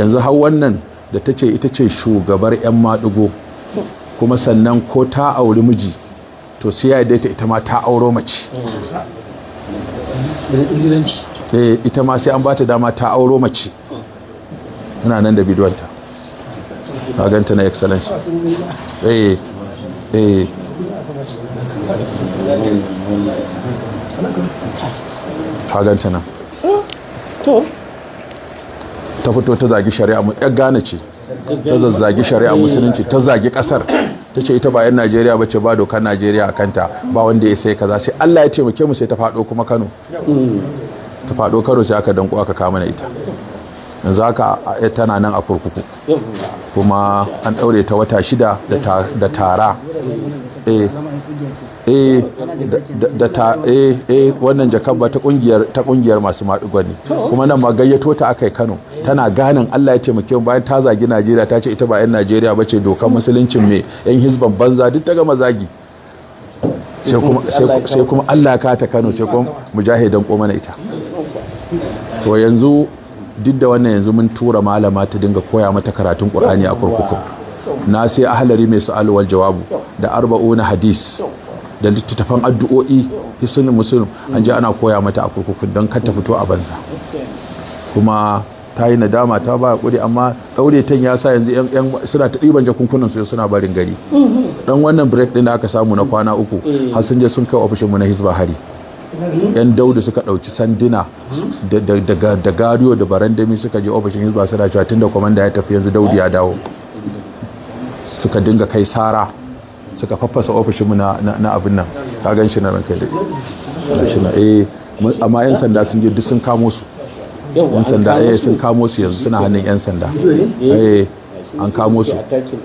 yanzu har wannan da ta ce ita ce shugabar 'yan maɗigo kuma sannan ko ta auri miji to sai ya daita ita ma ta auro mace eh, ita ma sai an ba ta dama ta auro mace ina nan da bidwanta a ganta na excellence eh eh ka ganta nan hmm? to ta fito ta zagi shari'a mu yar gane ce ta zazzagi shari'a musulunci ta zagi kasar ta ce ita ba yan najeriya ba ce ba dokar najeriya a kanta ba wanda ya sai kaza sai allah ya taimake mu sai ta fado kuma kano ta fado kano sai aka danko aka kama na ita yanzu haka tana nan a kurkuku kuma an daure ta wata shida da tara eh, Eh, eh, eh, wannan jakar ba ta kungiyar ta kungiyar masu madugo ne kuma nan ma gayyato ta yi Kano tana ganin Allah ya taimake mu bayan ta zagi Najeriya ta ce ita ba yan Najeriya ba ce dokar musuluncin me yan hisban banza duk ta gama zagi sai kuma Allah ka ta Kano sai kuma mujahidan ko mana ita to yanzu duk da wannan yanzu mun tura malama ta dinga koya mata karatun Qur'ani a kurkuku na sai ahalari mai su wal jawabu da arba'u na hadis da littattafan addu'o'i hisunin musulun an ji ana koya mata a kurkukun don kar ta fito a banza kuma ta yi nadama ta ba kuri amma daure ta ya sa yanzu yan suna ta ɗiban jakunkunan su suna barin gari dan mhm. wannan break din da aka samu na kwana uku eh. har sun je sun kai ofishin mu na Hizba Hari yan daudu suka ɗauki sandina da gariyo da barandami suka je ofishin Hizba suna cewa da kwamanda ya tafi yanzu daudu ya dawo suka dinga kai sara suka faffasa ofishinmu na abin nan ka gan shi na ranka da eh amma yan sanda sun je duk sun kamo su yan sanda eh sun kamo su yanzu suna hannun yan sanda eh, eh an kamo su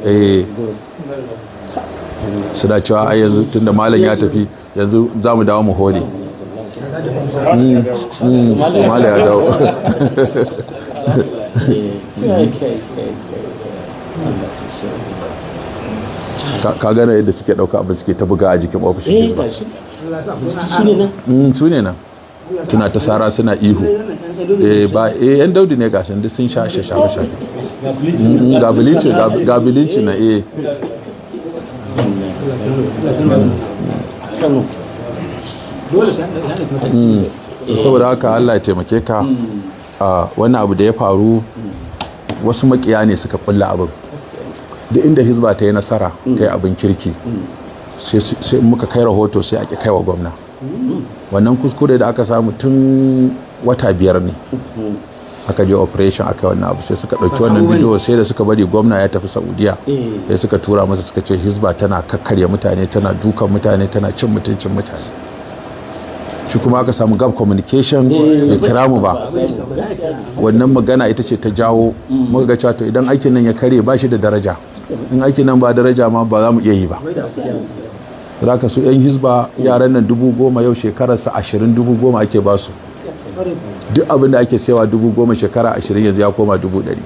eh, eh. suna cewa ai yanzu tunda malam ya tafi yanzu za mu dawo mu hore hmm, hmm, malam ya dawo eh, Allah ka gane yadda suke ɗauka abin suke ta buga a jikin ofishin eh, hizba su ne nan tuna mm, ta sara suna ihu eh ba eh yan daudi ne gasan duk sun sha shafe shafe mm, ga bilici ga bilici na eh mm, saboda haka Allah ya taimake ka ah, wani abu da ya faru wasu makiya ne suka kulla abin da inda hizba ta yi nasara ta yi abin kirki sai muka kai rahoto sai ake kai wa gwamna wannan kuskure da aka samu tun wata biyar ne aka je operation aka wannan abu sai suka ɗauki wannan bidiyo sai da suka bari gwamna ya tafi saudiya eh. sai suka tura masa suka ce hizba tana kakkarya mutane tana dukan mutane tana cin mutuncin mutane shi kuma aka samu gab communication da eh, kira mu ba wannan magana ita ce ta jawo mm. muka ga cewa to idan aikin nan ya kare ba shi da daraja in aiki nan ba daraja ma ba za mu iya yi ba za ka su 'yan hizba yaran nan dubu goma yau sa ashirin dubu goma ake ba su duk abin da ake sayawa dubu goma shekara ashirin yanzu ya koma dubu ɗari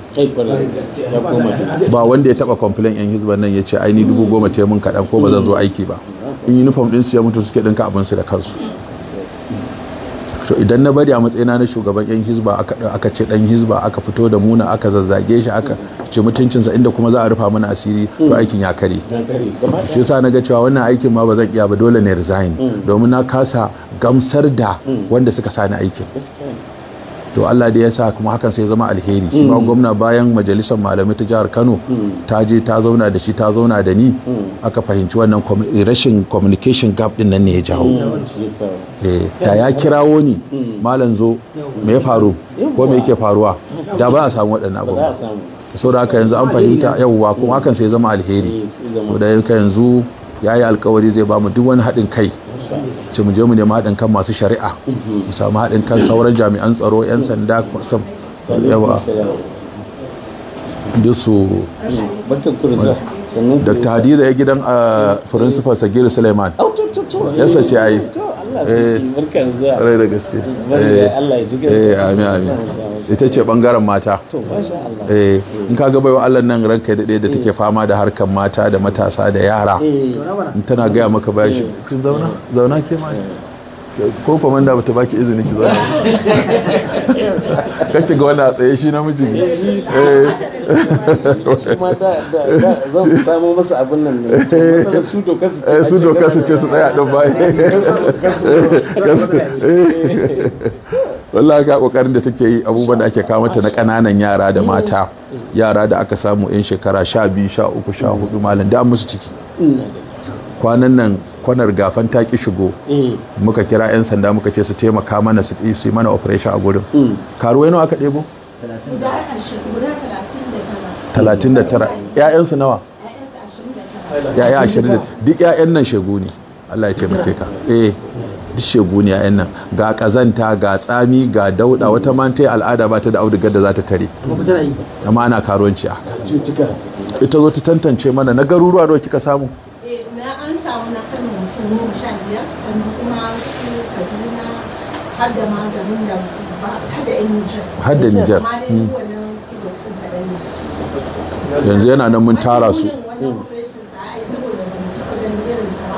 ba wanda ya taba complain 'yan hizba nan ya ce ni dubu goma te mun kaɗan ko ba zan zo aiki ba in yi ɗin ɗinsu ya mutu suke ɗinka abinsu da kansu to idan na bari a matsayina na shugaban yan hizba aka ce dan hizba aka fito da muna aka zazzage shi aka ce mutuncinsa inda kuma za a rufa mana asiri to hmm. aikin ya kare shi yasa na ga cewa wannan aikin ma ba zan iya ba dole ne resign hmm. domin na kasa gamsar da hmm. wanda suka sani aikin to Allah da ya sa kuma hakan sai zama alheri shi ma mm. gwamna bayan majalisar malamai ta jihar Kano mm. ta je ta zauna da shi ta zauna da ni mm. aka fahimci wannan rashin communication gap din nan ne ya jawo eh, da ya kirawo ni malam zo me ya faru ko me yake faruwa da ba a samu waɗannan abubuwa da haka yanzu an fahimta yawwa kuma hakan sai zama alheri eh, da yanzu ya yi alkawari zai ba mu duk wani haɗin kai ce mu je mu nemi haɗin kan masu shari'a mu samu haɗin kan sauran jami'an tsaro 'yan sanda sam yawa da su dr hadiza ya gidan a ah, principal sagir suleiman ya sace ai eh, rai da gaske eh. eh, amin amin ita ce bangaren mata eh, in ka ga baiwa Allah nan ranka da da take eh. fama da harkan mata da matasa da yara eh, in tana gaya maka bayan shi. zauna zauna ke ma ko komanda da ta baki izini ki zauna kake ga wani a tsaye shi namiji ne zan samu masa abin nan ne su doka su ce su tsaya don ba wallahi ga kokarin da take yi abubuwan da ake kawo mata na kananan yara da mata yara da aka samu yan shekara sha biyu sha uku sha hudu malam da musu ciki kwanan nan kwanar gafan ta ki shigo eh. muka kira yan sanda muka ce su taimaka mana su yi mana operation a gurin hmm. karuwai nawa aka ɗebo talatin da tara su nawa ya'yan ashirin duk ya'yan nan shegu ne Allah ya taimake ka eh duk ne a nan ga kazanta ga tsami ga dauda wata man al'ada ba ta da audugar da za ta tare amma ana karuwanci a ita zo ta tantance mana na garuruwa da kika samu har da nijar hmm. yanzu yana nan mun tara su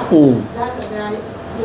hmm.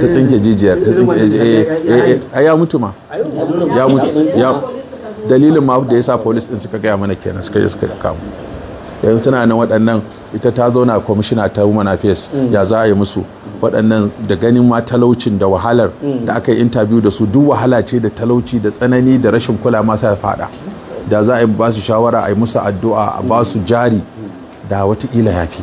ta tsinke jijiyar eh, eh, eh, ya mutu ma ya mutu ya dalilin ma da ya sa polis din suka gaya mana kenan suka je suka kamu yan suna nan waɗannan ita ta zauna kwamishina ta human affairs ya za a yi musu waɗannan da ganin ma talaucin da wahalar da aka yi interview da su duk wahala ce da talauci da tsanani da rashin kula ma sa fada da za a yi ba su shawara a yi musu addu'a a ba su jari da watakila ya fi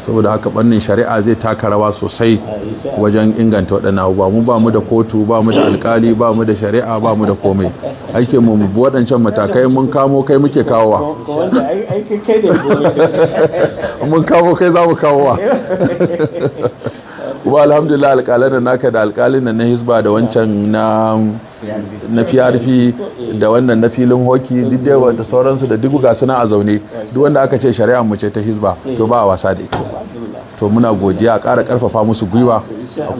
saboda haka bannin shari'a zai taka rawa sosai wajen inganta waɗannan abubuwa mu ba mu da kotu ba mu da alkali ba mu da shari'a ba mu da komai aikin mu waɗancan matakai mun kamo kai muke kawowa mun kamo kai za mu kawowa kuma alhamdulillah alkalin da naka da alkalin da na hisba da wancan na na PRP da wannan na filin hoki duk da sauransu da duk gasu suna a zaune duk wanda aka ce shari'a mu ce ta hisba to ba a wasa da ita to muna godiya a ƙara ƙarfafa musu gwiwa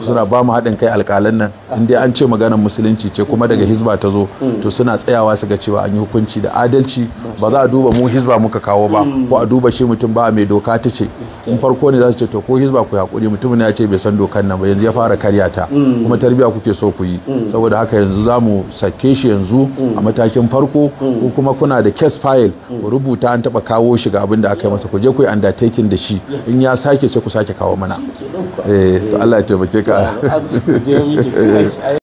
suna ba mu haɗin kai alƙalan nan inda an ce maganar musulunci ce kuma daga hizba ta zo mm. to suna tsayawa su ga cewa an yi hukunci da adalci ba za a duba mu hizba muka kawo ba mm. ko a duba shi mutum ba mai doka ta ce in farko ne za su ce to ko hizba ku hakuri mutum ne ya ce bai san dokan nan ba yanzu ya fara karya ta mm. kuma tarbiya kuke so ku yi saboda haka yanzu za mu sake shi yanzu a matakin farko ko kuma kuna da case file ku rubuta an taba kawo shi ga abin da aka yi masa ku je ku yi undertaking da shi in ya sake sai ku sake kawo mana eh, Allah ya taimake ka